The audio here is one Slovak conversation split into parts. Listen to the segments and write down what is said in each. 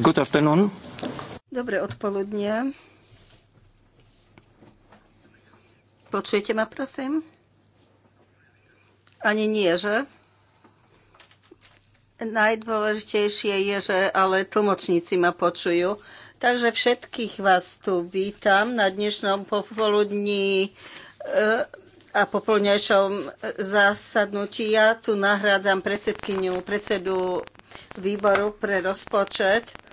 Good afternoon. Dobré odpoludnie. Počujete ma, prosím? Ani nie, že? Najdôležitejšie je, že ale tlmočníci ma počujú. Takže všetkých vás tu vítam na dnešnom popoludní eh, a popoludnejšom zasadnutí. Ja tu nahrádzam predsedkyniu, predsedu výboru pre rozpočet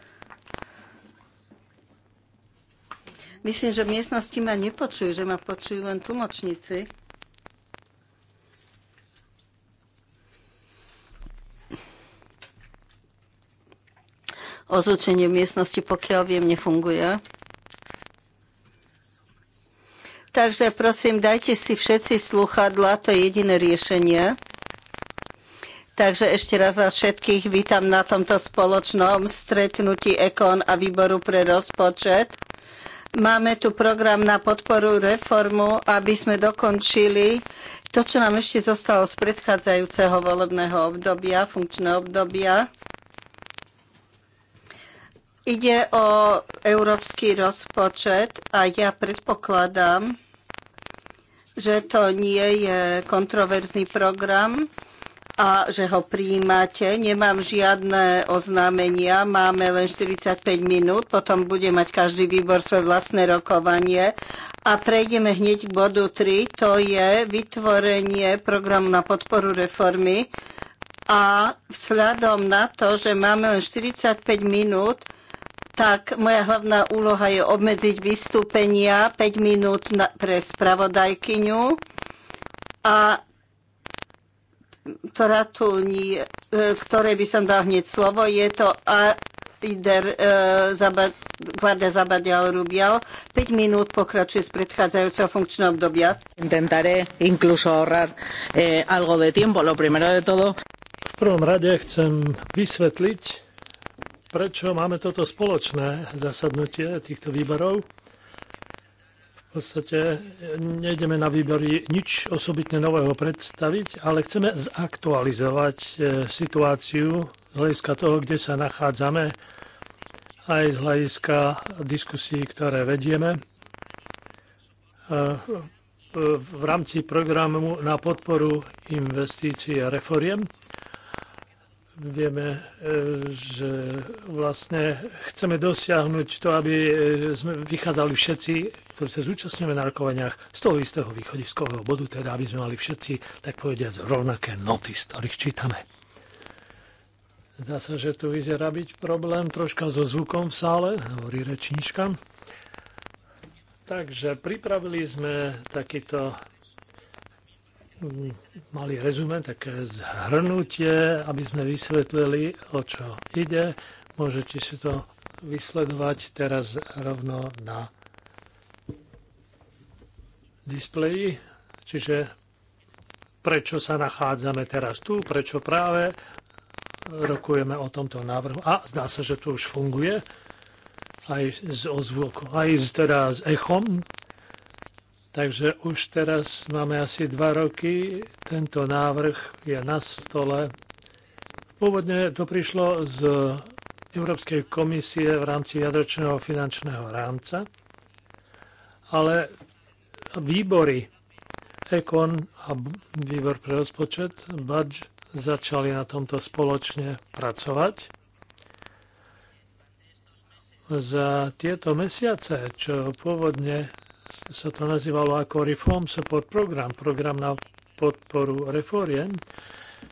Myslím, že v miestnosti ma nepočujú, že ma počujú len tlmočníci. Ozvučenie v miestnosti, pokiaľ viem, nefunguje. Takže prosím, dajte si všetci sluchadla, to je jediné riešenie. Takže ešte raz vás všetkých vítam na tomto spoločnom stretnutí Ekon a výboru pre rozpočet. Máme tu program na podporu reformu, aby sme dokončili to, čo nám ešte zostalo z predchádzajúceho volebného obdobia, funkčného obdobia. Ide o európsky rozpočet a ja predpokladám, že to nie je kontroverzný program a že ho prijímate. Nemám žiadne oznámenia, máme len 45 minút, potom bude mať každý výbor svoje vlastné rokovanie a prejdeme hneď k bodu 3, to je vytvorenie programu na podporu reformy a vzhľadom na to, že máme len 45 minút, tak moja hlavná úloha je obmedziť vystúpenia 5 minút na, pre spravodajkyňu a ktorá tu nie, e, v ktorej by som dal hneď slovo, je to a, líder e, Guarda Zabadial Rubial. 5 minút pokračuje z predchádzajúceho funkčného obdobia. Intentaré incluso ahorrar eh, algo de tiempo, lo primero de todo. V prvom rade chcem vysvetliť, prečo máme toto spoločné zasadnutie týchto výborov podstate e, nejdeme na výbery nič osobitne nového predstaviť, ale chceme zaktualizovať e, situáciu z hľadiska toho, kde sa nachádzame, aj z hľadiska diskusí, ktoré vedieme e, v rámci programu na podporu investícií a reforiem vieme, e, že vlastne chceme dosiahnuť to, aby e, sme vychádzali všetci, ktorí sa zúčastňujeme na rokovaniach, z toho istého východiskového bodu, teda aby sme mali všetci, tak povediať, rovnaké noty, z ktorých čítame. Zdá sa, že tu vyzerá byť problém troška so zvukom v sále, hovorí rečníčka. Takže pripravili sme takýto No, malý rezumen, také zhrnutie, aby sme vysvetlili, o čo ide. Môžete si to vysledovať teraz rovno na displeji, čiže prečo sa nachádzame teraz tu, prečo práve rokujeme o tomto návrhu. A zdá sa, že to už funguje aj s ozvukom, aj s, teda s echom Takže už teraz máme asi dva roky. Tento návrh je na stole. Pôvodne to prišlo z Európskej komisie v rámci jadročného finančného rámca, ale výbory Ekon a výbor pre rozpočet, BAČ začali na tomto spoločne pracovať. Za tieto mesiace, čo pôvodne sa to nazývalo ako Reform Support Program, program na podporu reforiem.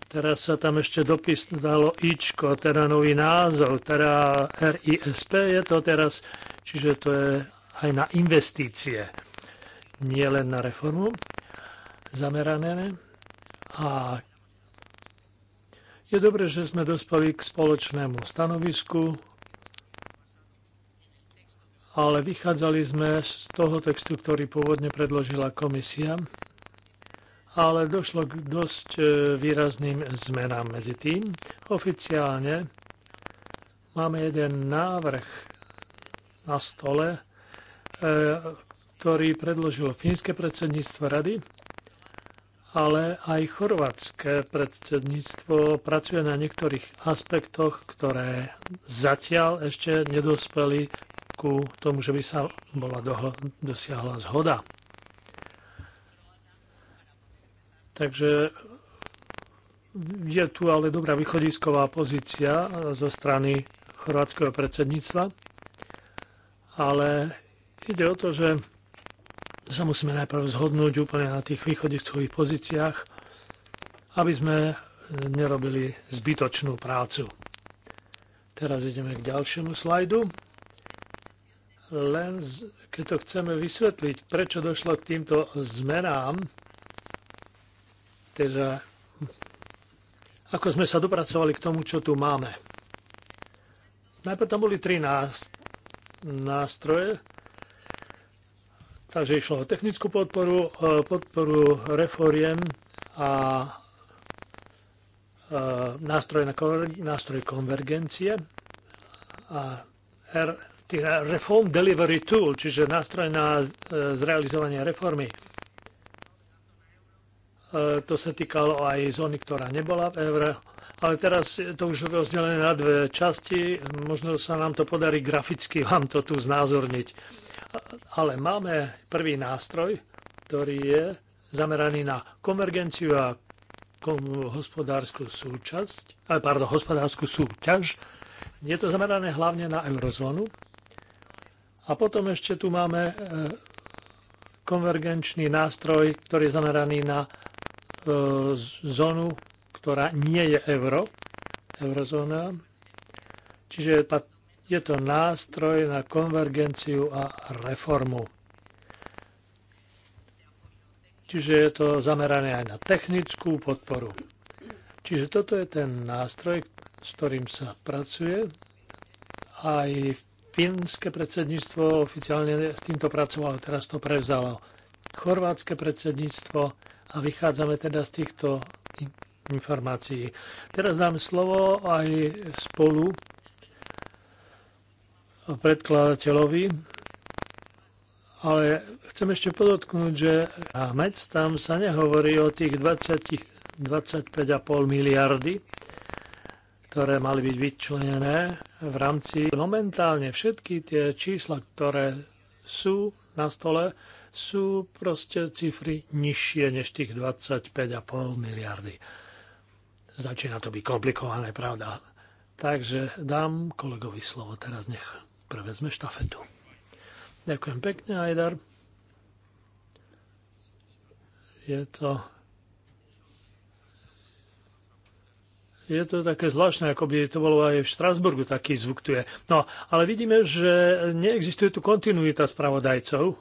Teraz sa tam ešte dopis dalo IČKO, teda nový názov, teda RISP je to teraz, čiže to je aj na investície, nie len na reformu zamerané. A je dobré, že sme dospeli k spoločnému stanovisku ale vychádzali sme z toho textu, ktorý pôvodne predložila komisia, ale došlo k dosť e, výrazným zmenám medzi tým. Oficiálne máme jeden návrh na stole, e, ktorý predložilo fínske predsedníctvo rady, ale aj chorvátske predsedníctvo pracuje na niektorých aspektoch, ktoré zatiaľ ešte nedospeli ku tomu, že by sa bola dosiahla zhoda. Takže je tu ale dobrá východisková pozícia zo strany chorvátskeho predsedníctva, ale ide o to, že sa musíme najprv zhodnúť úplne na tých východiskových pozíciách, aby sme nerobili zbytočnú prácu. Teraz ideme k ďalšiemu slajdu len keď to chceme vysvetliť, prečo došlo k týmto zmenám, teda ako sme sa dopracovali k tomu, čo tu máme. Najprv tam boli tri nástroje, takže išlo o technickú podporu, podporu reforiem a e, nástroj, na, nástroj konvergencie a R teda Reform Delivery Tool, čiže nástroj na e, zrealizovanie reformy. E, to sa týkalo aj zóny, ktorá nebola v eure, ale teraz to už rozdelené na dve časti. Možno sa nám to podarí graficky vám to tu znázorniť. Ale máme prvý nástroj, ktorý je zameraný na konvergenciu a hospodárskú súčasť, e, pardon, hospodárskú súťaž. Je to zamerané hlavne na eurozónu a potom ešte tu máme e, konvergenčný nástroj, ktorý je zameraný na e, zónu, ktorá nie je euro, eurozóna. Čiže je to nástroj na konvergenciu a reformu. Čiže je to zamerané aj na technickú podporu. Čiže toto je ten nástroj, s ktorým sa pracuje aj v Fínske predsedníctvo oficiálne s týmto pracovalo, teraz to prevzalo chorvátske predsedníctvo a vychádzame teda z týchto informácií. Teraz dám slovo aj spolu predkladateľovi, ale chcem ešte podotknúť, že Hamec tam sa nehovorí o tých 20, 25,5 miliardy, ktoré mali byť vyčlenené v rámci momentálne všetky tie čísla, ktoré sú na stole, sú proste cifry nižšie než tých 25,5 miliardy. Začína to byť komplikované, pravda? Takže dám kolegovi slovo teraz, nech prevezme štafetu. Ďakujem pekne, Ajdar. Je to je to také zvláštne, ako by to bolo aj v Štrasburgu, taký zvuk tu je. No, ale vidíme, že neexistuje tu kontinuita spravodajcov.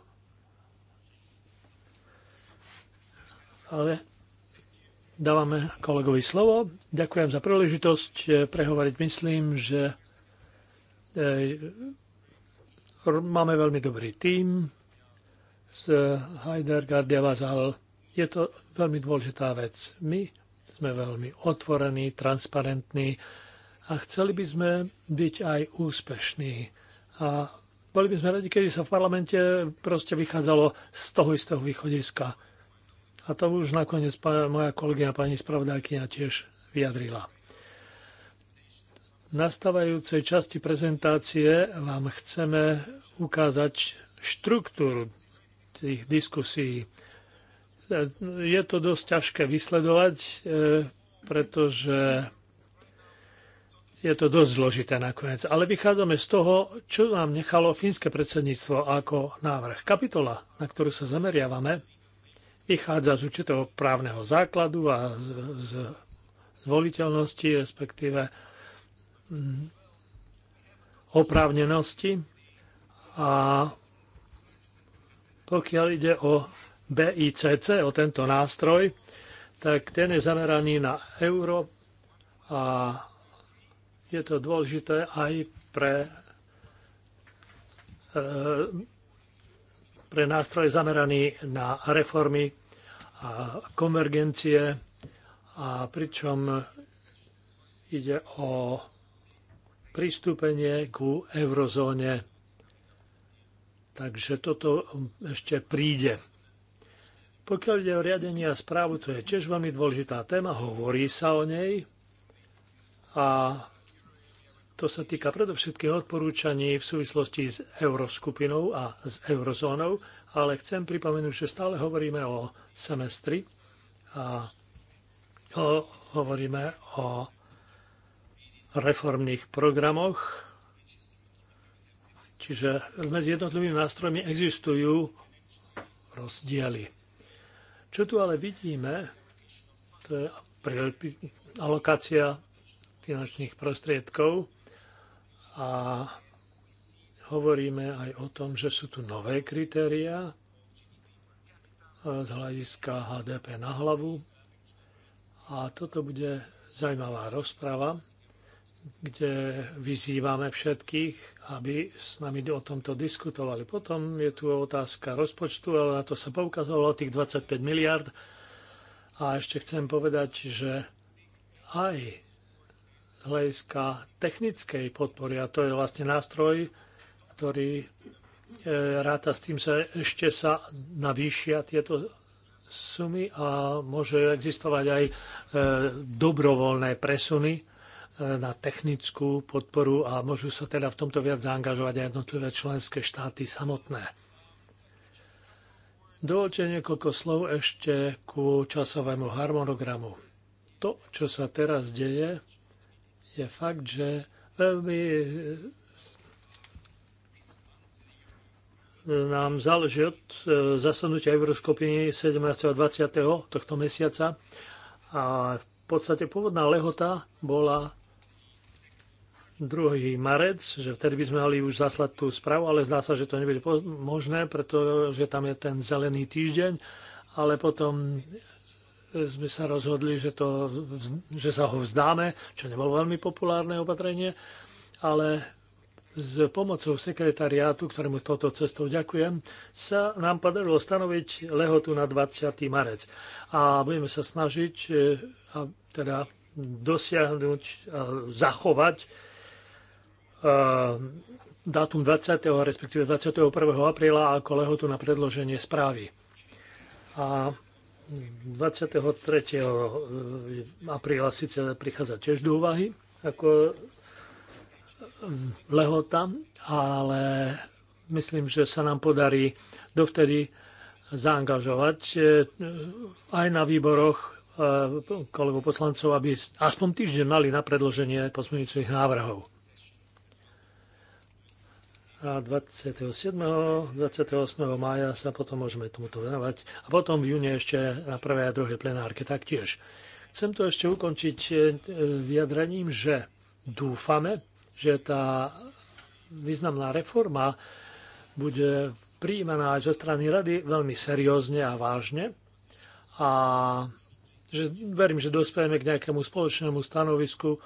Ale dávame kolegovi slovo. Ďakujem za príležitosť eh, prehovoriť. Myslím, že eh, máme veľmi dobrý tím z eh, Heidergardia Vazal. Je to veľmi dôležitá vec. My sme veľmi otvorení, transparentní a chceli by sme byť aj úspešní. A boli by sme radi, keď sa v parlamente proste vychádzalo z toho istého východiska. A to už nakoniec moja kolegyňa pani spravodajkyňa tiež vyjadrila. V nastávajúcej časti prezentácie vám chceme ukázať štruktúru tých diskusí je to dosť ťažké vysledovať, e, pretože je to dosť zložité nakoniec. Ale vychádzame z toho, čo nám nechalo fínske predsedníctvo ako návrh. Kapitola, na ktorú sa zameriavame, vychádza z určitého právneho základu a z, z voliteľnosti, respektíve mm, oprávnenosti. A pokiaľ ide o BICC, o tento nástroj, tak ten je zameraný na euro a je to dôležité aj pre, e, pre nástroj zameraný na reformy a konvergencie a pričom ide o pristúpenie ku eurozóne. Takže toto ešte príde. Pokiaľ ide o riadenie a správu, to je tiež veľmi dôležitá téma, hovorí sa o nej a to sa týka predovšetkých odporúčaní v súvislosti s euroskupinou a s eurozónou, ale chcem pripomenúť, že stále hovoríme o semestri a o, hovoríme o reformných programoch, čiže medzi jednotlivými nástrojmi existujú rozdiely. Čo tu ale vidíme, to je alokácia finančných prostriedkov a hovoríme aj o tom, že sú tu nové kritériá e, z hľadiska HDP na hlavu. A toto bude zaujímavá rozprava kde vyzývame všetkých, aby s nami o tomto diskutovali. Potom je tu otázka rozpočtu, ale na to sa poukazovalo tých 25 miliard. A ešte chcem povedať, že aj hľadiska technickej podpory, a to je vlastne nástroj, ktorý e, ráta s tým, že ešte sa navýšia tieto sumy a môže existovať aj e, dobrovoľné presuny na technickú podporu a môžu sa teda v tomto viac zaangažovať aj jednotlivé členské štáty samotné. Dovolte niekoľko slov ešte ku časovému harmonogramu. To, čo sa teraz deje, je fakt, že veľmi nám záleží od e, zasadnutia Euroskopiny 17. a 20. tohto mesiaca. A v podstate pôvodná lehota bola 2. marec, že vtedy by sme mali už zaslať tú správu, ale zdá sa, že to nebude možné, pretože tam je ten zelený týždeň, ale potom sme sa rozhodli, že, to, že sa ho vzdáme, čo nebolo veľmi populárne opatrenie, ale s pomocou sekretariátu, ktorému toto cestou ďakujem, sa nám podarilo stanoviť lehotu na 20. marec. A budeme sa snažiť e, a teda dosiahnuť a zachovať Eh, dátum 20. respektíve 21. apríla ako lehotu na predloženie správy. A 23. Eh, apríla síce prichádza tiež do úvahy ako eh, lehota, ale myslím, že sa nám podarí dovtedy zaangažovať aj na výboroch kolegov poslancov, aby aspoň týždeň mali na predloženie pozmeňujúcich návrhov a 27. 28. mája sa potom môžeme tomuto venovať a potom v júni ešte na prvé a druhé plenárke taktiež. Chcem to ešte ukončiť e, vyjadrením, že dúfame, že tá významná reforma bude prijímaná aj zo strany rady veľmi seriózne a vážne a že verím, že dospejeme k nejakému spoločnému stanovisku,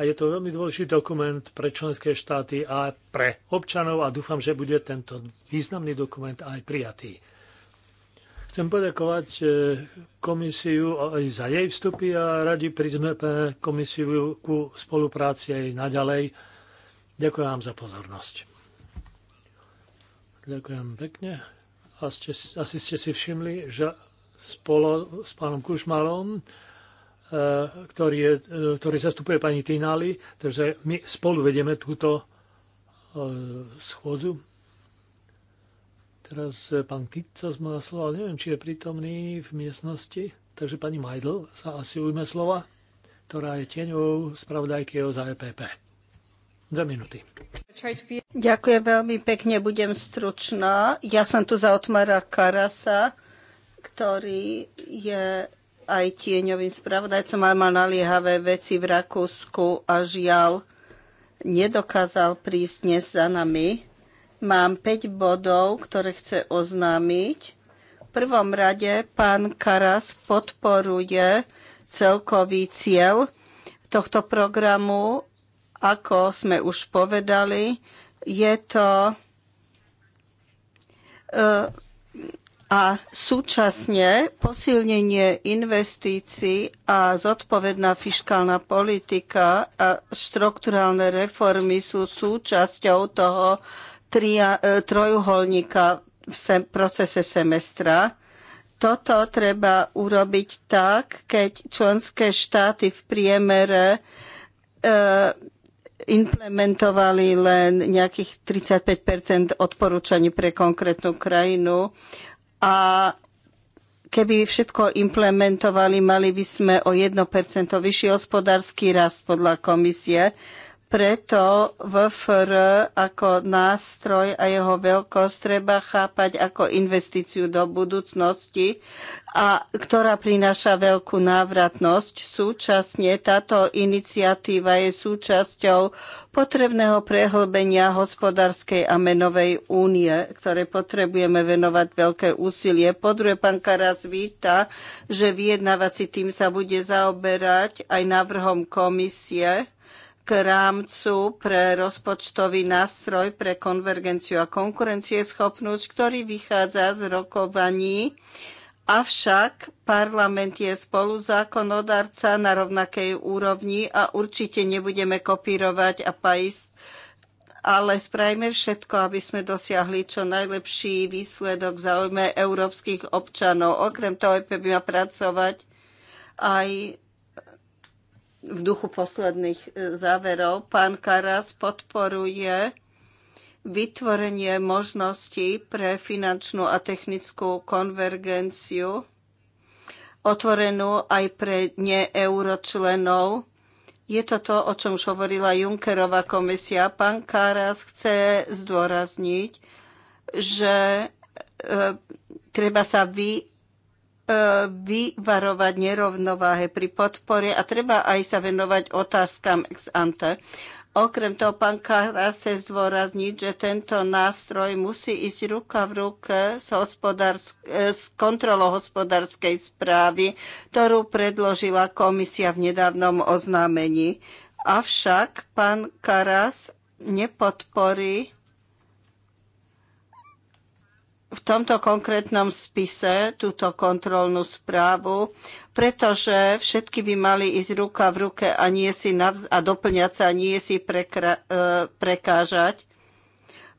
a je to veľmi dôležitý dokument pre členské štáty a pre občanov a dúfam, že bude tento významný dokument aj prijatý. Chcem poďakovať e, komisiu aj za jej vstupy a radi prizmeme komisiu ku spolupráci aj naďalej. Ďakujem vám za pozornosť. Ďakujem pekne. A ste, asi ste si všimli, že spolu s pánom Kušmalom Eh, ktorý, je, eh, ktorý zastupuje pani Tinali, takže my spolu vedieme túto eh, schôdzu. Teraz pán Tica má slova, neviem, či je prítomný v miestnosti, takže pani Majdl sa asi ujme slova, ktorá je tieňou spravodajky za EPP. Dve minúty. Ďakujem veľmi pekne, budem stručná. Ja som tu za Otmara Karasa, ktorý je aj tieňovým spravodajcom, ale mal naliehavé veci v Rakúsku a žiaľ nedokázal prísť dnes za nami. Mám 5 bodov, ktoré chce oznámiť. V prvom rade pán Karas podporuje celkový cieľ tohto programu. Ako sme už povedali, je to uh, a súčasne posilnenie investícií a zodpovedná fiškálna politika a štrukturálne reformy sú súčasťou toho tria, e, trojuholníka v sem, procese semestra. Toto treba urobiť tak, keď členské štáty v priemere e, implementovali len nejakých 35 odporúčaní pre konkrétnu krajinu a keby všetko implementovali, mali by sme o 1% vyšší hospodársky rast podľa komisie. Preto VFR ako nástroj a jeho veľkosť treba chápať ako investíciu do budúcnosti, a ktorá prináša veľkú návratnosť. Súčasne táto iniciatíva je súčasťou potrebného prehlbenia hospodárskej a menovej únie, ktoré potrebujeme venovať veľké úsilie. Po druhé, pán Karas víta, že vyjednávací tým sa bude zaoberať aj návrhom komisie, k rámcu pre rozpočtový nástroj pre konvergenciu a konkurencieschopnosť, ktorý vychádza z rokovaní Avšak parlament je zákonodarca na rovnakej úrovni a určite nebudeme kopírovať a pajsť, ale sprajme všetko, aby sme dosiahli čo najlepší výsledok v záujme európskych občanov. Okrem toho EP by pracovať aj v duchu posledných e, záverov. Pán Karas podporuje vytvorenie možností pre finančnú a technickú konvergenciu otvorenú aj pre neeuročlenov. Je to to, o čom už hovorila Junckerová komisia. Pán Karas chce zdôrazniť, že e, treba sa vy vyvarovať nerovnováhe pri podpore a treba aj sa venovať otázkam ex ante. Okrem toho pán Karase zdôrazní, že tento nástroj musí ísť ruka v ruke s, s kontrolou hospodárskej správy, ktorú predložila komisia v nedávnom oznámení. Avšak pán Karas nepodporí v tomto konkrétnom spise túto kontrolnú správu, pretože všetky by mali ísť ruka v ruke a, nie si navz- a doplňať sa a nie si prekra- e, prekážať.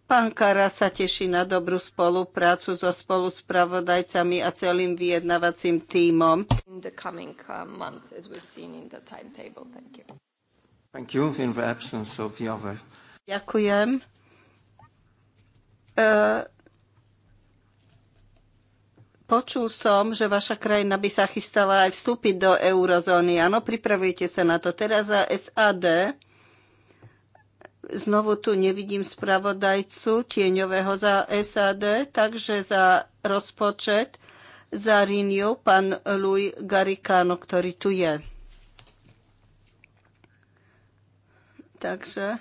Pán Kara sa teší na dobrú spoluprácu so spoluspravodajcami a celým vyjednávacím tímom. Coming, uh, months, Thank you. Thank you Ďakujem. Uh, Počul som, že vaša krajina by sa chystala aj vstúpiť do eurozóny. Áno, pripravujete sa na to. Teraz za SAD. Znovu tu nevidím spravodajcu tieňového za SAD, takže za rozpočet za Riniu pán Luj Garikano, ktorý tu je. Takže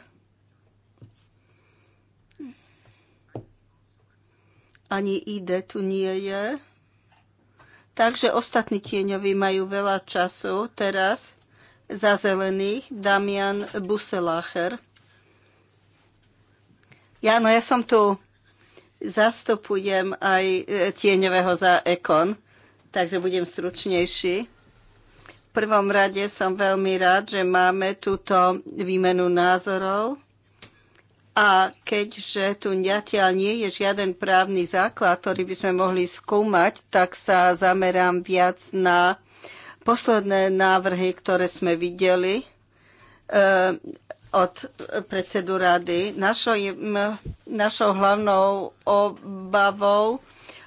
ani ide, tu nie je. Takže ostatní tieňoví majú veľa času teraz. Za zelených Damian Buselacher. Ja, no ja som tu. Zastupujem aj e, tieňového za Ekon, takže budem stručnejší. V prvom rade som veľmi rád, že máme túto výmenu názorov a keďže tu zatiaľ nie je žiaden právny základ, ktorý by sme mohli skúmať, tak sa zamerám viac na posledné návrhy, ktoré sme videli eh, od predsedu rady. Našou, našou hlavnou obavou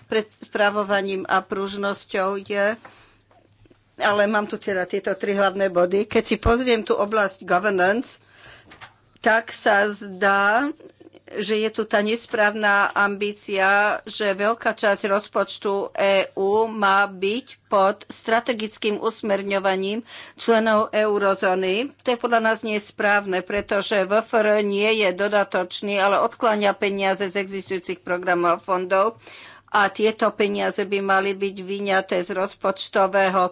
pred správovaním a pružnosťou je, ale mám tu teda tieto tri hlavné body. Keď si pozriem tú oblasť governance, tak sa zdá, že je tu tá nesprávna ambícia, že veľká časť rozpočtu EÚ má byť pod strategickým usmerňovaním členov eurozóny. To je podľa nás nesprávne, pretože VFR nie je dodatočný, ale odkláňa peniaze z existujúcich programov a fondov a tieto peniaze by mali byť vyňaté z rozpočtového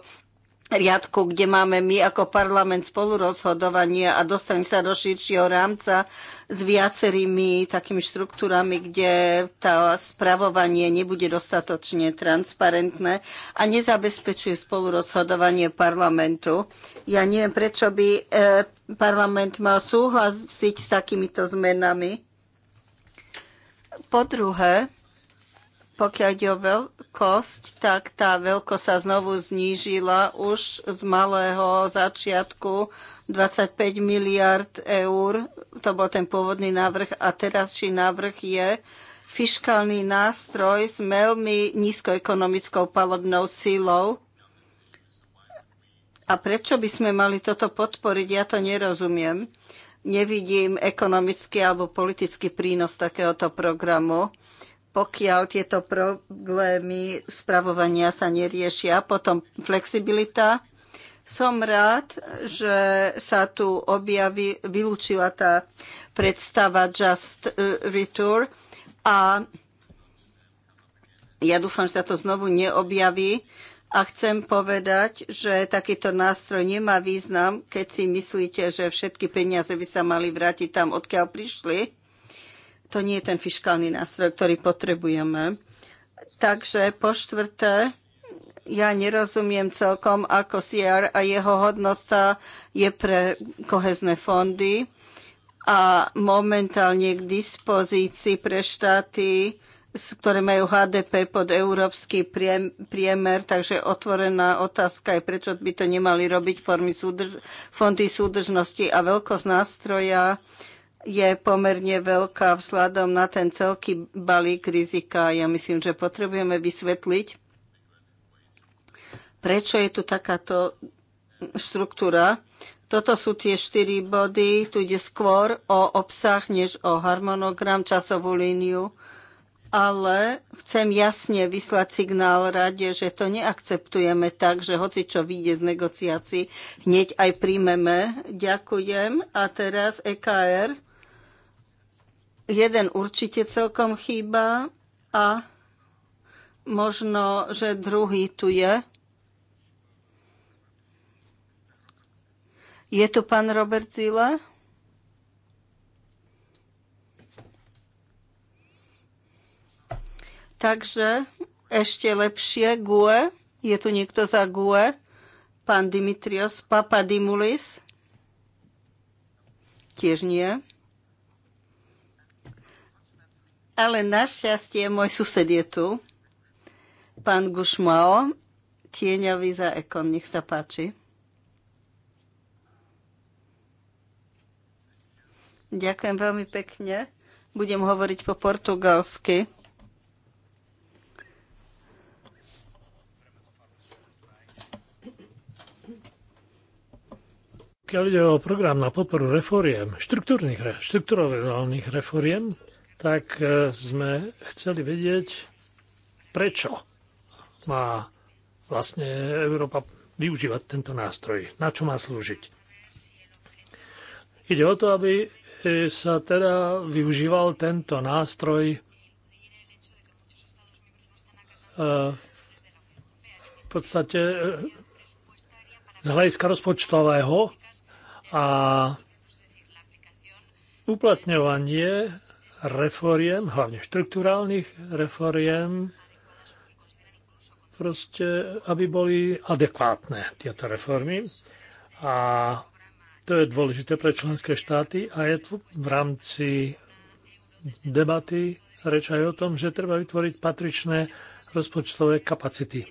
riadku, kde máme my ako parlament spolurozhodovanie a dostane sa do širšieho rámca s viacerými takými štruktúrami, kde tá spravovanie nebude dostatočne transparentné a nezabezpečuje spolurozhodovanie parlamentu. Ja neviem, prečo by e, parlament mal súhlasiť s takýmito zmenami. Po druhé, pokiaľ ide o veľkosť, tak tá veľkosť sa znovu znížila už z malého začiatku 25 miliard eur. To bol ten pôvodný návrh a či návrh je fiškálny nástroj s veľmi nízkoekonomickou palobnou sílou. A prečo by sme mali toto podporiť, ja to nerozumiem. Nevidím ekonomický alebo politický prínos takéhoto programu pokiaľ tieto problémy spravovania sa neriešia. Potom flexibilita. Som rád, že sa tu objaví, vylúčila tá predstava Just Retour a ja dúfam, že sa to znovu neobjaví a chcem povedať, že takýto nástroj nemá význam, keď si myslíte, že všetky peniaze by sa mali vrátiť tam, odkiaľ prišli to nie je ten fiskálny nástroj, ktorý potrebujeme. Takže po štvrté, ja nerozumiem celkom, ako CR a jeho hodnota je pre kohezné fondy a momentálne k dispozícii pre štáty, ktoré majú HDP pod európsky priemer, takže otvorená otázka je, prečo by to nemali robiť formy súdrž- fondy súdržnosti a veľkosť nástroja je pomerne veľká vzhľadom na ten celký balík rizika. Ja myslím, že potrebujeme vysvetliť, prečo je tu takáto štruktúra. Toto sú tie štyri body. Tu ide skôr o obsah, než o harmonogram, časovú líniu. Ale chcem jasne vyslať signál rade, že to neakceptujeme tak, že hoci čo vyjde z negociácií, hneď aj príjmeme. Ďakujem. A teraz EKR jeden určite celkom chýba a možno, že druhý tu je. Je tu pán Robert Zile? Takže ešte lepšie GUE. Je tu niekto za GUE? Pán Dimitrios Papadimulis? Tiež nie. Ale našťastie môj sused je tu, pán Gušmao, tieňový za ekon, nech sa páči. Ďakujem veľmi pekne. Budem hovoriť po portugalsky. Keď ide o program na podporu reforiem, štruktúrnych, štruktúrnych reforiem, tak e, sme chceli vedieť, prečo má vlastne Európa využívať tento nástroj, na čo má slúžiť. Ide o to, aby e, sa teda využíval tento nástroj e, v podstate z hľadiska rozpočtového a uplatňovanie reforiem, hlavne štruktúrálnych reforiem, proste, aby boli adekvátne tieto reformy. A to je dôležité pre členské štáty a je tu v rámci debaty reč aj o tom, že treba vytvoriť patričné rozpočtové kapacity.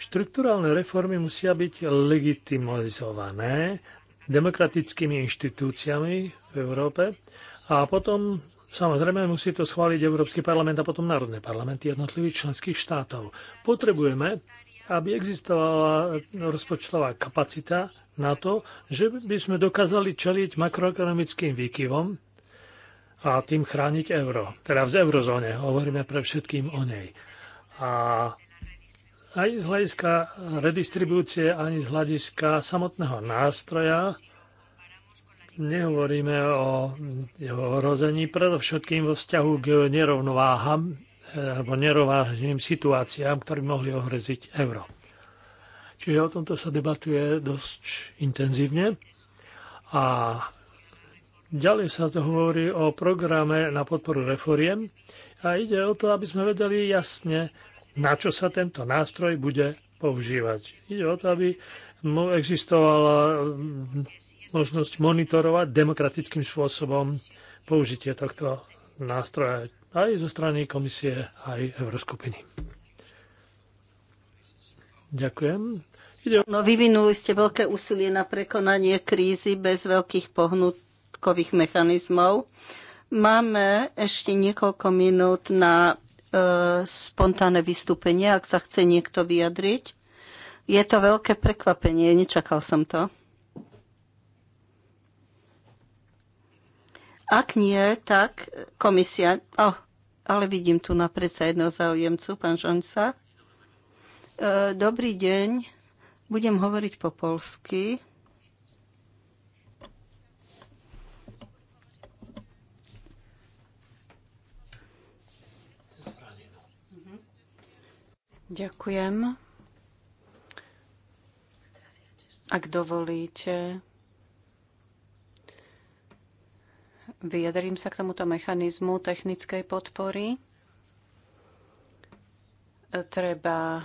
Štruktúrálne reformy musia byť legitimizované demokratickými inštitúciami v Európe a potom Samozrejme, musí to schváliť Európsky parlament a potom národné parlamenty jednotlivých členských štátov. Potrebujeme, aby existovala rozpočtová kapacita na to, že by sme dokázali čeliť makroekonomickým výkyvom a tým chrániť euro. Teda v eurozóne, hovoríme pre všetkým o nej. A aj z hľadiska redistribúcie, ani z hľadiska samotného nástroja nehovoríme o jeho ohrození, predovšetkým vo vzťahu k nerovnováham eh, alebo nerovážnym situáciám, ktoré mohli ohroziť euro. Čiže o tomto sa debatuje dosť intenzívne. A ďalej sa to hovorí o programe na podporu reforiem a ide o to, aby sme vedeli jasne, na čo sa tento nástroj bude používať. Ide o to, aby existovala možnosť monitorovať demokratickým spôsobom použitie tohto nástroja aj zo strany komisie, aj Euroskupiny. Ďakujem. Ide... No, vyvinuli ste veľké úsilie na prekonanie krízy bez veľkých pohnutkových mechanizmov. Máme ešte niekoľko minút na e, spontánne vystúpenie, ak sa chce niekto vyjadriť. Je to veľké prekvapenie, nečakal som to. Ak nie, tak komisia... Oh, ale vidím tu na predsa jedného záujemcu, pán Žonca. E, dobrý deň, budem hovoriť po polsky. Ďakujem. Ak dovolíte, Vyjadrím sa k tomuto mechanizmu technickej podpory. Treba e,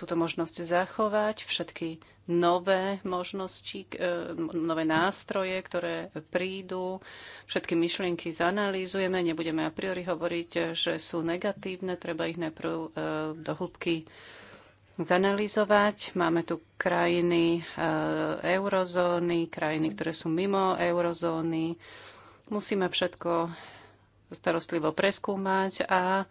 túto možnosť zachovať. Všetky nové možnosti, e, nové nástroje, ktoré prídu, všetky myšlienky zanalýzujeme. Nebudeme a priori hovoriť, že sú negatívne. Treba ich najprv e, do hĺbky zanalýzovať. Máme tu krajiny eurozóny, krajiny, ktoré sú mimo eurozóny Musíme všetko starostlivo preskúmať a e,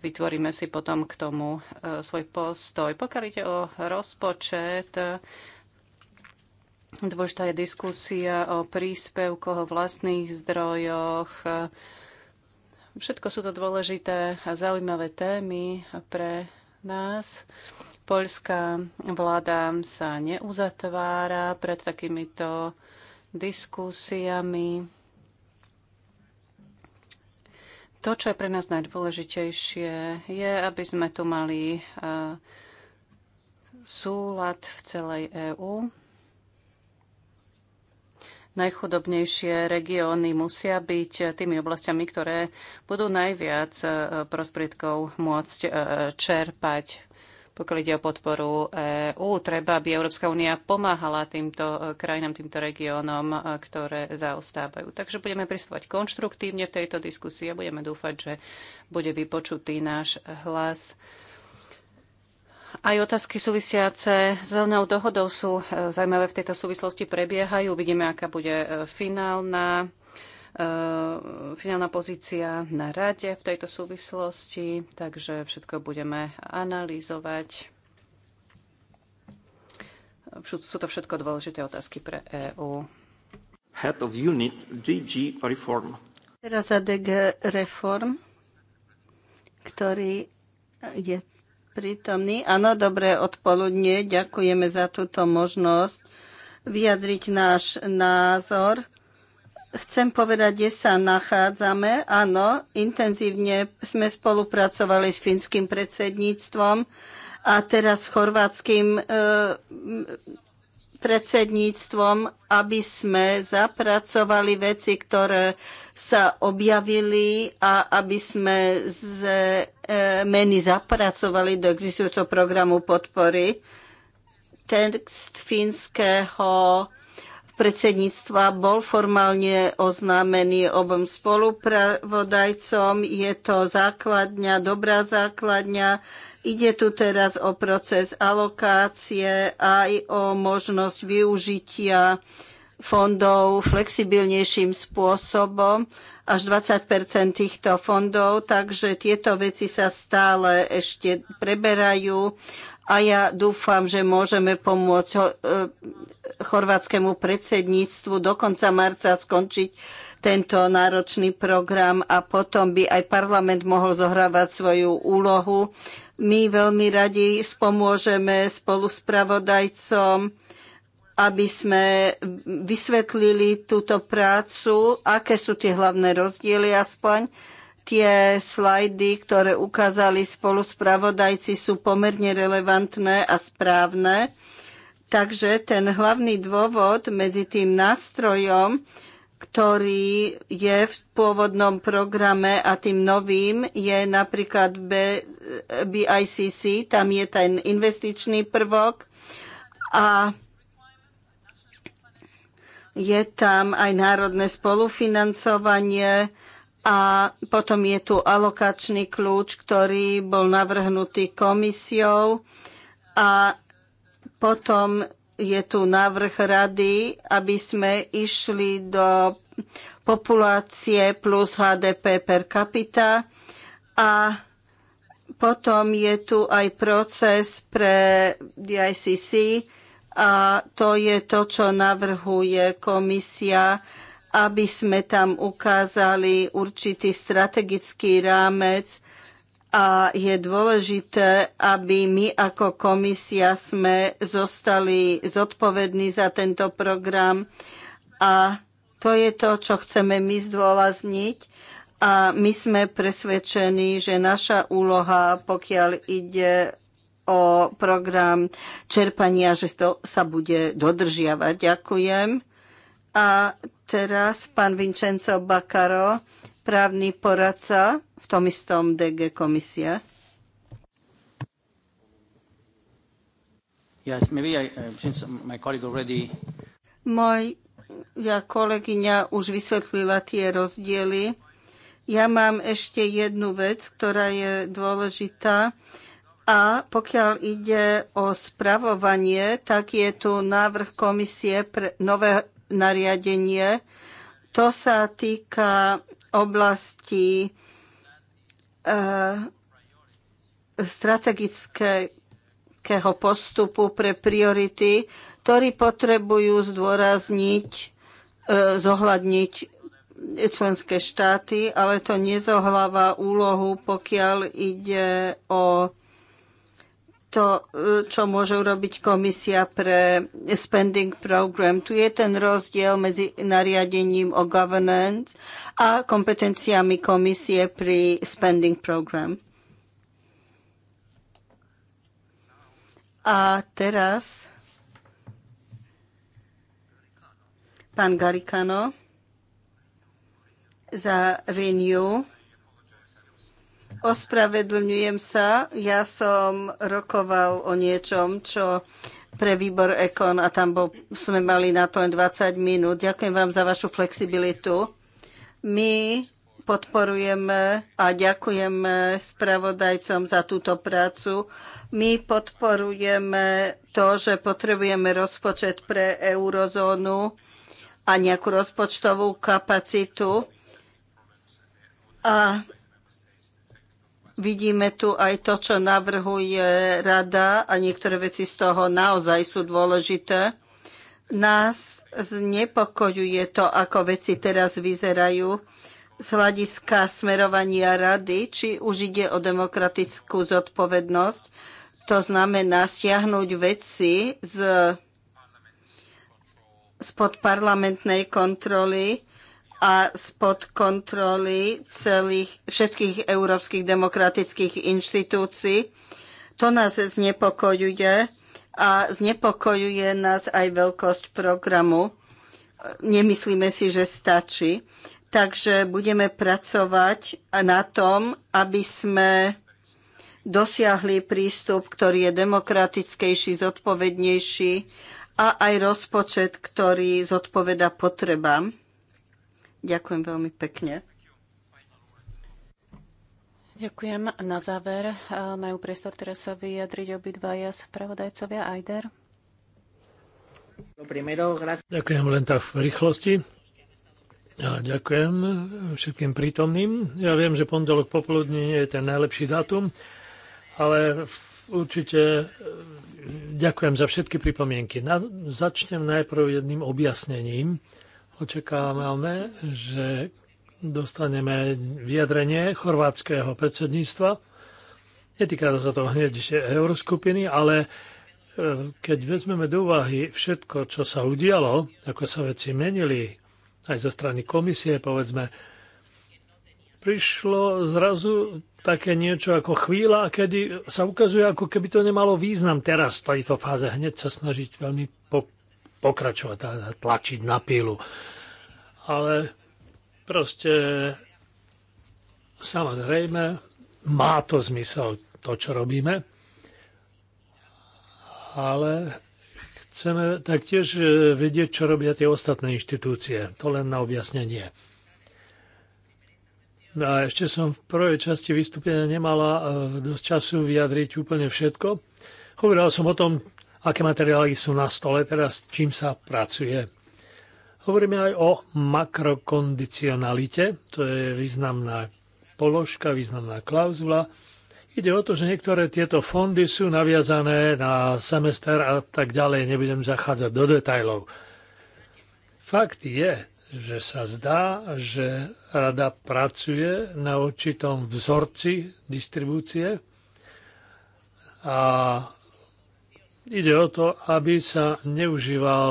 vytvoríme si potom k tomu e, svoj postoj. Pokiaľ ide o rozpočet, dôležitá je diskusia o príspevkoch, o vlastných zdrojoch. Všetko sú to dôležité a zaujímavé témy pre nás. Poľská vláda sa neuzatvára pred takýmito diskusiami. To, čo je pre nás najdôležitejšie, je, aby sme tu mali e, súlad v celej EÚ. Najchudobnejšie regióny musia byť tými oblastiami, ktoré budú najviac e, prostriedkov môcť e, čerpať pokiaľ ide o podporu EÚ, treba, aby Európska únia pomáhala týmto e, krajinám, týmto regiónom, e, ktoré zaostávajú. Takže budeme pristupovať konštruktívne v tejto diskusii a budeme dúfať, že bude vypočutý náš hlas. Aj otázky súvisiace s zelenou dohodou sú e, zaujímavé v tejto súvislosti prebiehajú. Vidíme, aká bude finálna Eh, finálna pozícia na rade v tejto súvislosti, takže všetko budeme analyzovať. Sú to všetko dôležité otázky pre EÚ. Head of Unit DG Reform. Teraz za DG Reform, ktorý je prítomný. Áno, dobré odpoludne. Ďakujeme za túto možnosť vyjadriť náš názor Chcem povedať, kde sa nachádzame. Áno, intenzívne sme spolupracovali s finským predsedníctvom a teraz s chorvátským e, predsedníctvom, aby sme zapracovali veci, ktoré sa objavili a aby sme z e, meny zapracovali do existujúceho programu podpory. Text fínskeho predsedníctva bol formálne oznámený obom spolupravodajcom. Je to základňa, dobrá základňa. Ide tu teraz o proces alokácie, aj o možnosť využitia fondov flexibilnejším spôsobom, až 20 týchto fondov, takže tieto veci sa stále ešte preberajú a ja dúfam, že môžeme pomôcť eh, chorvátskému predsedníctvu do konca marca skončiť tento náročný program a potom by aj parlament mohol zohrávať svoju úlohu. My veľmi radi spomôžeme spolu s pravodajcom, aby sme vysvetlili túto prácu, aké sú tie hlavné rozdiely aspoň tie slajdy, ktoré ukázali spolu spravodajci, sú pomerne relevantné a správne. Takže ten hlavný dôvod medzi tým nástrojom, ktorý je v pôvodnom programe a tým novým je napríklad BICC, tam je ten investičný prvok a je tam aj národné spolufinancovanie, a potom je tu alokačný kľúč, ktorý bol navrhnutý komisiou. A potom je tu návrh rady, aby sme išli do populácie plus HDP per capita. A potom je tu aj proces pre DICC a to je to, čo navrhuje komisia aby sme tam ukázali určitý strategický rámec a je dôležité, aby my ako komisia sme zostali zodpovední za tento program a to je to, čo chceme my zdôrazniť a my sme presvedčení, že naša úloha, pokiaľ ide o program čerpania, že to sa bude dodržiavať. Ďakujem. A teraz pán Vincenzo Baccaro, právny poradca v tom istom DG komisie. Yes, maybe I, uh, since my colleague already... Moj ja kolegyňa už vysvetlila tie rozdiely. Ja mám ešte jednu vec, ktorá je dôležitá. A pokiaľ ide o spravovanie, tak je tu návrh komisie pre nové nariadenie. To sa týka oblasti eh, strategického postupu pre priority, ktorý potrebujú zdôrazniť, eh, zohľadniť členské štáty, ale to nezohláva úlohu, pokiaľ ide o to, e, čo môže urobiť komisia pre spending program. Tu je ten rozdiel medzi nariadením o governance a kompetenciami komisie pri spending program. A teraz pán Garikano za Renew. Ospravedlňujem sa, ja som rokoval o niečom, čo pre výbor Ekon a tam bol, sme mali na to len 20 minút. Ďakujem vám za vašu flexibilitu. My podporujeme a ďakujeme spravodajcom za túto prácu. My podporujeme to, že potrebujeme rozpočet pre eurozónu a nejakú rozpočtovú kapacitu. A Vidíme tu aj to, čo navrhuje rada a niektoré veci z toho naozaj sú dôležité. Nás znepokojuje to, ako veci teraz vyzerajú z hľadiska smerovania rady, či už ide o demokratickú zodpovednosť. To znamená stiahnuť veci z, spod parlamentnej kontroly a spod kontroly celých, všetkých európskych demokratických inštitúcií. To nás znepokojuje a znepokojuje nás aj veľkosť programu. Nemyslíme si, že stačí. Takže budeme pracovať na tom, aby sme dosiahli prístup, ktorý je demokratickejší, zodpovednejší a aj rozpočet, ktorý zodpoveda potrebám. Ďakujem veľmi pekne. Ďakujem. Na záver eh, majú priestor teraz sa vyjadriť obidvaja spravodajcovia. Ajder. Ďakujem len tak v rýchlosti. Ja ďakujem všetkým prítomným. Ja viem, že pondelok popoludní nie je ten najlepší dátum, ale určite eh, ďakujem za všetky pripomienky. Na, začnem najprv jedným objasnením. Očakávame, že dostaneme vyjadrenie chorvátskeho predsedníctva. Netýka sa to hneď euroskupiny, ale e, keď vezmeme do úvahy všetko, čo sa udialo, ako sa veci menili, aj zo strany komisie, povedzme, prišlo zrazu také niečo ako chvíľa, kedy sa ukazuje, ako keby to nemalo význam teraz v tejto fáze hneď sa snažiť veľmi pokračovať, tlačiť na pílu. Ale proste samozrejme má to zmysel to, čo robíme, ale chceme taktiež e, vedieť, čo robia tie ostatné inštitúcie. To len na objasnenie. No a ešte som v prvej časti vystúpenia nemala e, dosť času vyjadriť úplne všetko. Hovoril som o tom, aké materiály sú na stole teraz, čím sa pracuje. Hovoríme aj o makrokondicionalite, to je významná položka, významná klauzula. Ide o to, že niektoré tieto fondy sú naviazané na semester a tak ďalej, nebudem zachádzať do detajlov. Fakt je, že sa zdá, že rada pracuje na určitom vzorci distribúcie a Ide o to, aby sa neužíval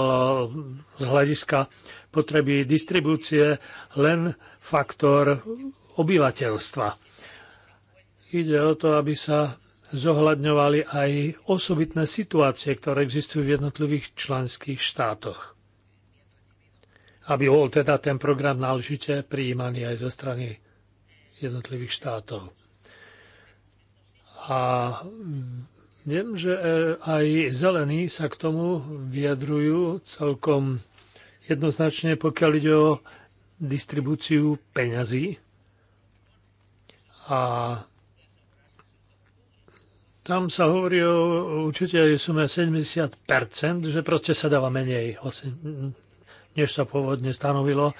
z hľadiska potreby distribúcie len faktor obyvateľstva. Ide o to, aby sa zohľadňovali aj osobitné situácie, ktoré existujú v jednotlivých členských štátoch. Aby bol teda ten program náležite prijímaný aj zo strany jednotlivých štátov. A Viem, že e, aj zelení sa k tomu vyjadrujú celkom jednoznačne, pokiaľ ide o distribúciu peňazí. A tam sa hovorí o určite aj sume 70%, že proste sa dáva menej, než sa pôvodne stanovilo.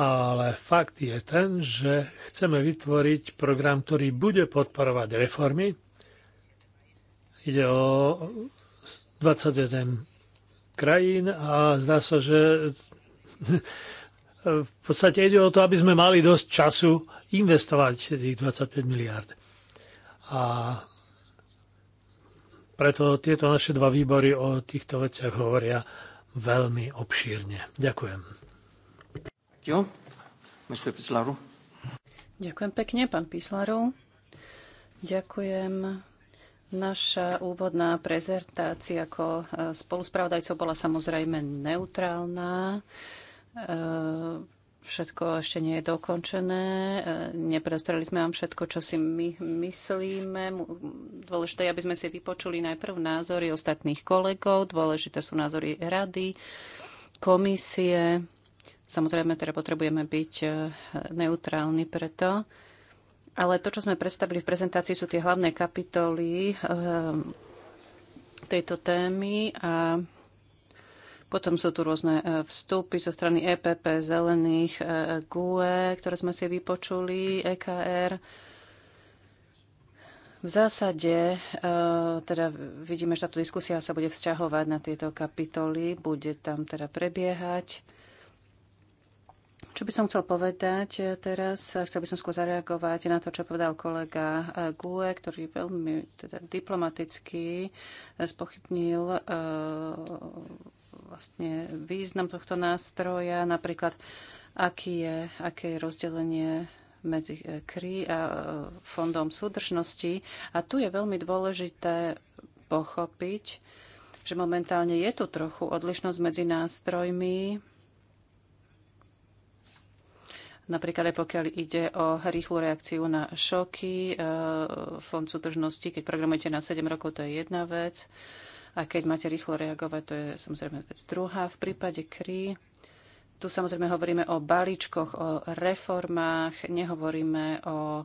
Ale fakt je ten, že chceme vytvoriť program, ktorý bude podporovať reformy, Ide o 21 krajín a zdá sa, že v podstate ide o to, aby sme mali dosť času investovať tých 25 miliárd. A preto tieto naše dva výbory o týchto veciach hovoria veľmi obšírne. Ďakujem. Ďakujem pekne, pán píslarov. Ďakujem Naša úvodná prezentácia ako e, spoluspravodajcov bola samozrejme neutrálna. E, všetko ešte nie je dokončené. E, Nepredostreli sme vám všetko, čo si my myslíme. Dôležité je, aby sme si vypočuli najprv názory ostatných kolegov. Dôležité sú názory rady, komisie. Samozrejme, teda potrebujeme byť neutrálni preto. Ale to, čo sme predstavili v prezentácii, sú tie hlavné kapitoly ehm, tejto témy a potom sú tu rôzne e, vstupy zo strany EPP, Zelených, GUE, e, ktoré sme si vypočuli, EKR. V zásade e, teda vidíme, že táto diskusia sa bude vzťahovať na tieto kapitoly, bude tam teda prebiehať. Čo by som chcel povedať teraz? Chcel by som skôr zareagovať na to, čo povedal kolega eh, Gue, ktorý veľmi teda, diplomaticky eh, spochybnil eh, vlastne význam tohto nástroja, napríklad aký je, aké je rozdelenie medzi KRI a Fondom súdržnosti. A tu je veľmi dôležité pochopiť, že momentálne je tu trochu odlišnosť medzi nástrojmi, Napríklad aj pokiaľ ide o rýchlu reakciu na šoky, eh, fond súdržnosti, keď programujete na 7 rokov, to je jedna vec. A keď máte rýchlo reagovať, to je samozrejme vec druhá. V prípade KRI, tu samozrejme hovoríme o balíčkoch, o reformách, nehovoríme o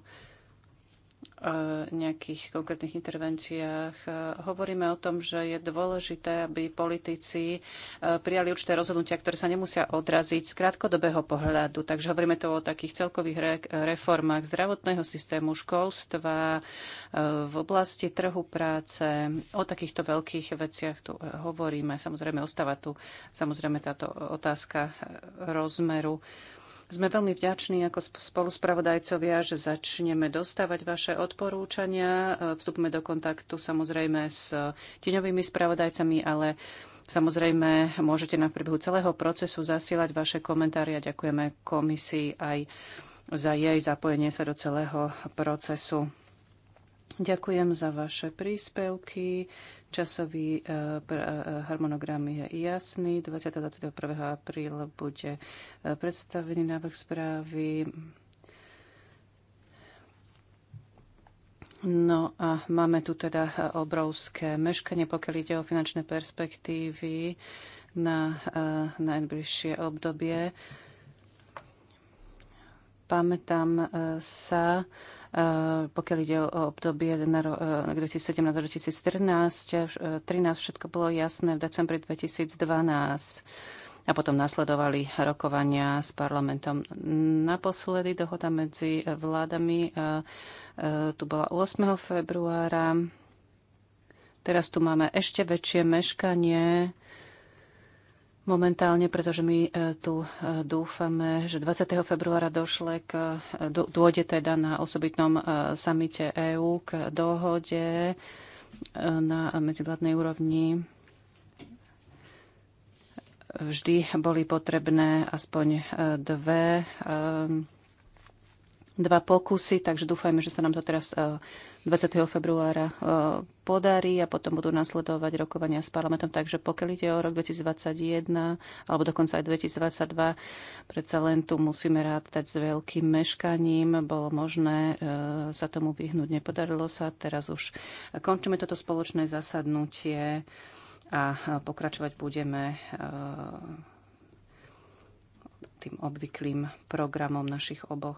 E, nejakých konkrétnych intervenciách. E, hovoríme o tom, že je dôležité, aby politici e, prijali určité rozhodnutia, ktoré sa nemusia odraziť z krátkodobého pohľadu. Takže hovoríme to o takých celkových reformách zdravotného systému, školstva, v oblasti trhu práce. O takýchto veľkých veciach tu hovoríme. Samozrejme, ostáva tu samozrejme táto otázka rozmeru sme veľmi vďační ako spoluspravodajcovia, že začneme dostávať vaše odporúčania. E, Vstupme do kontaktu samozrejme s e, tieňovými spravodajcami, ale Samozrejme, môžete na priebehu celého procesu zasielať vaše komentáry a ďakujeme komisii aj za jej zapojenie sa do celého procesu. Ďakujem za vaše príspevky. Časový e, e, harmonogram je jasný. 20. 21. apríla bude e, predstavený návrh správy. No a máme tu teda obrovské meškanie, pokiaľ ide o finančné perspektívy na najbližšie obdobie pamätám e, sa, e, pokiaľ ide o obdobie 2017-2013, e, všetko bolo jasné v decembri 2012 a potom nasledovali rokovania s parlamentom. Naposledy dohoda medzi vládami tu bola 8. februára. Teraz tu máme ešte väčšie meškanie momentálne, pretože my e, tu e, dúfame, že 20. februára došle k, e, dôjde teda na osobitnom samite EÚ k dohode na medzivládnej úrovni. Vždy boli potrebné aspoň dve um, dva pokusy, takže dúfajme, že sa nám to teraz 20. E, februára e, podarí a potom budú nasledovať rokovania s parlamentom. Takže pokiaľ ide o rok 2021 alebo dokonca aj 2022, predsa len tu musíme rátať s veľkým meškaním. Bolo možné e, sa tomu vyhnúť, nepodarilo sa. Teraz už končíme toto spoločné zasadnutie a pokračovať budeme tým obvyklým programom našich oboch